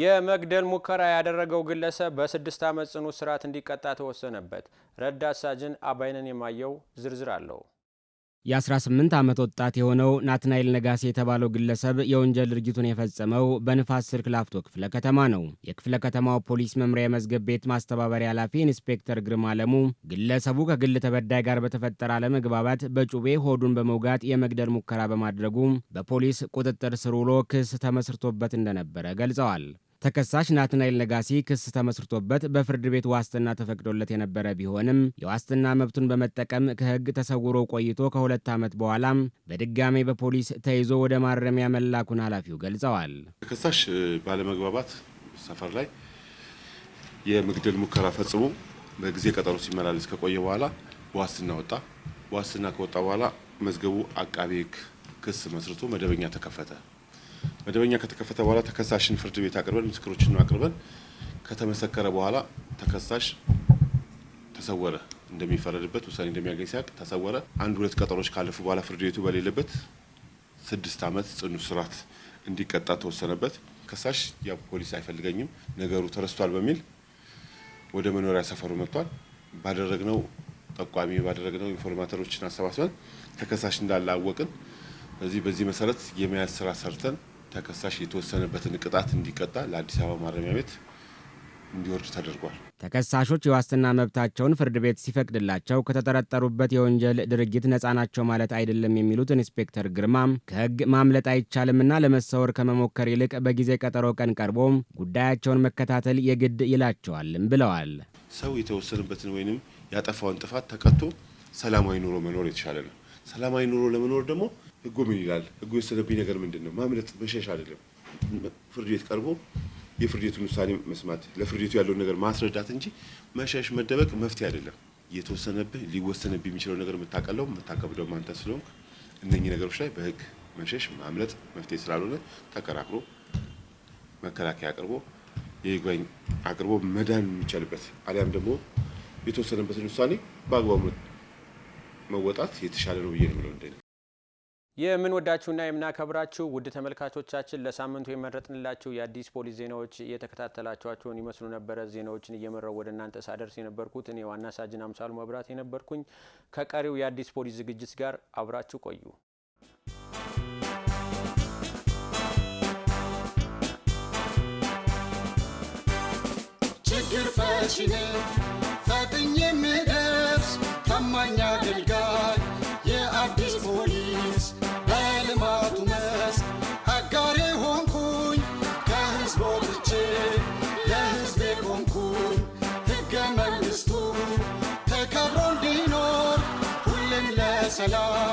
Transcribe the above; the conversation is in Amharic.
የመግደል ሙከራ ያደረገው ግለሰብ በስድስት ዓመት ጽኑ እስራት እንዲቀጣ ተወሰነበት። ረዳት ሳጅን አባይነን የማየው ዝርዝር አለው። የ18 ዓመት ወጣት የሆነው ናትናኤል ነጋሴ የተባለው ግለሰብ የወንጀል ድርጊቱን የፈጸመው በንፋስ ስልክ ላፍቶ ክፍለ ከተማ ነው። የክፍለ ከተማው ፖሊስ መምሪያ የመዝገብ ቤት ማስተባበሪያ ኃላፊ ኢንስፔክተር ግርማ አለሙ ግለሰቡ ከግል ተበዳይ ጋር በተፈጠረ አለመግባባት በጩቤ ሆዱን በመውጋት የመግደል ሙከራ በማድረጉ በፖሊስ ቁጥጥር ስር ውሎ ክስ ተመስርቶበት እንደነበረ ገልጸዋል። ተከሳሽ ናትናኤል ነጋሲ ክስ ተመስርቶበት በፍርድ ቤት ዋስትና ተፈቅዶለት የነበረ ቢሆንም የዋስትና መብቱን በመጠቀም ከሕግ ተሰውሮ ቆይቶ ከሁለት ዓመት በኋላም በድጋሜ በፖሊስ ተይዞ ወደ ማረሚያ መላኩን ኃላፊው ገልጸዋል። ተከሳሽ ባለመግባባት ሰፈር ላይ የመግደል ሙከራ ፈጽሞ በጊዜ ቀጠሮ ሲመላለስ ከቆየ በኋላ ዋስትና ወጣ። ዋስትና ከወጣ በኋላ መዝገቡ አቃቤ ሕግ ክስ መስርቶ መደበኛ ተከፈተ። መደበኛ ከተከፈተ በኋላ ተከሳሽን ፍርድ ቤት አቅርበን ምስክሮችን አቅርበን ከተመሰከረ በኋላ ተከሳሽ ተሰወረ እንደሚፈረድበት ውሳኔ እንደሚያገኝ ሲያቅ ተሰወረ። አንድ ሁለት ቀጠሮች ካለፉ በኋላ ፍርድ ቤቱ በሌለበት ስድስት ዓመት ጽኑ እስራት እንዲቀጣ ተወሰነበት። ከሳሽ ፖሊስ አይፈልገኝም ነገሩ ተረስቷል በሚል ወደ መኖሪያ ሰፈሩ መጥቷል። ባደረግነው ጠቋሚ ባደረግነው ኢንፎርማተሮችን አሰባስበን ተከሳሽ እንዳላወቅን በዚህ በዚህ መሰረት የመያዝ ስራ ሰርተን ተከሳሽ የተወሰነበትን ቅጣት እንዲቀጣ ለአዲስ አበባ ማረሚያ ቤት እንዲወርድ ተደርጓል። ተከሳሾች የዋስትና መብታቸውን ፍርድ ቤት ሲፈቅድላቸው ከተጠረጠሩበት የወንጀል ድርጊት ነፃ ናቸው ማለት አይደለም የሚሉት ኢንስፔክተር ግርማም ከህግ ማምለጥ አይቻልምና ለመሰወር ከመሞከር ይልቅ በጊዜ ቀጠሮ ቀን ቀርቦ ጉዳያቸውን መከታተል የግድ ይላቸዋልም ብለዋል። ሰው የተወሰነበትን ወይንም ያጠፋውን ጥፋት ተቀጥቶ ሰላማዊ ኑሮ መኖር የተሻለ ነው። ሰላማዊ ኑሮ ለመኖር ደግሞ ህጉ ምን ይላል? ህጉ የወሰነብኝ ነገር ምንድን ነው? ማምለጥ መሸሽ አይደለም። ፍርድ ቤት ቀርቦ የፍርድ ቤቱን ውሳኔ መስማት፣ ለፍርድ ቤቱ ያለውን ነገር ማስረዳት እንጂ መሸሽ፣ መደበቅ መፍትሄ አይደለም። የተወሰነብህ ሊወሰንብህ የሚችለው ነገር የምታቀለው የምታከብደው ማንተ ስለሆንክ እነኚህ ነገሮች ላይ በህግ መሸሽ፣ ማምለጥ መፍትሄ ስላልሆነ ተከራክሮ መከላከያ አቅርቦ የይግባኝ አቅርቦ መዳን የሚቻልበት አሊያም ደግሞ የተወሰነበትን ውሳኔ በአግባቡ መወጣት የተሻለ ነው ብዬ ነው የምለው። የምንወዳችሁና የምናከብራችሁ ውድ ተመልካቾቻችን ለሳምንቱ የመረጥንላችሁ የአዲስ ፖሊስ ዜናዎች እየተከታተላችኋቸውን ይመስሉ ነበረ። ዜናዎችን እየመራው ወደ እናንተ ሳደርስ የነበርኩት እኔ ዋና ሳጅን አምሳሉ መብራት የነበርኩኝ። ከቀሪው የአዲስ ፖሊስ ዝግጅት ጋር አብራችሁ ቆዩ። ችግር ፈቺ ፈጥኝ የምደርስ ታማኝ አገልጋይ Barcelona.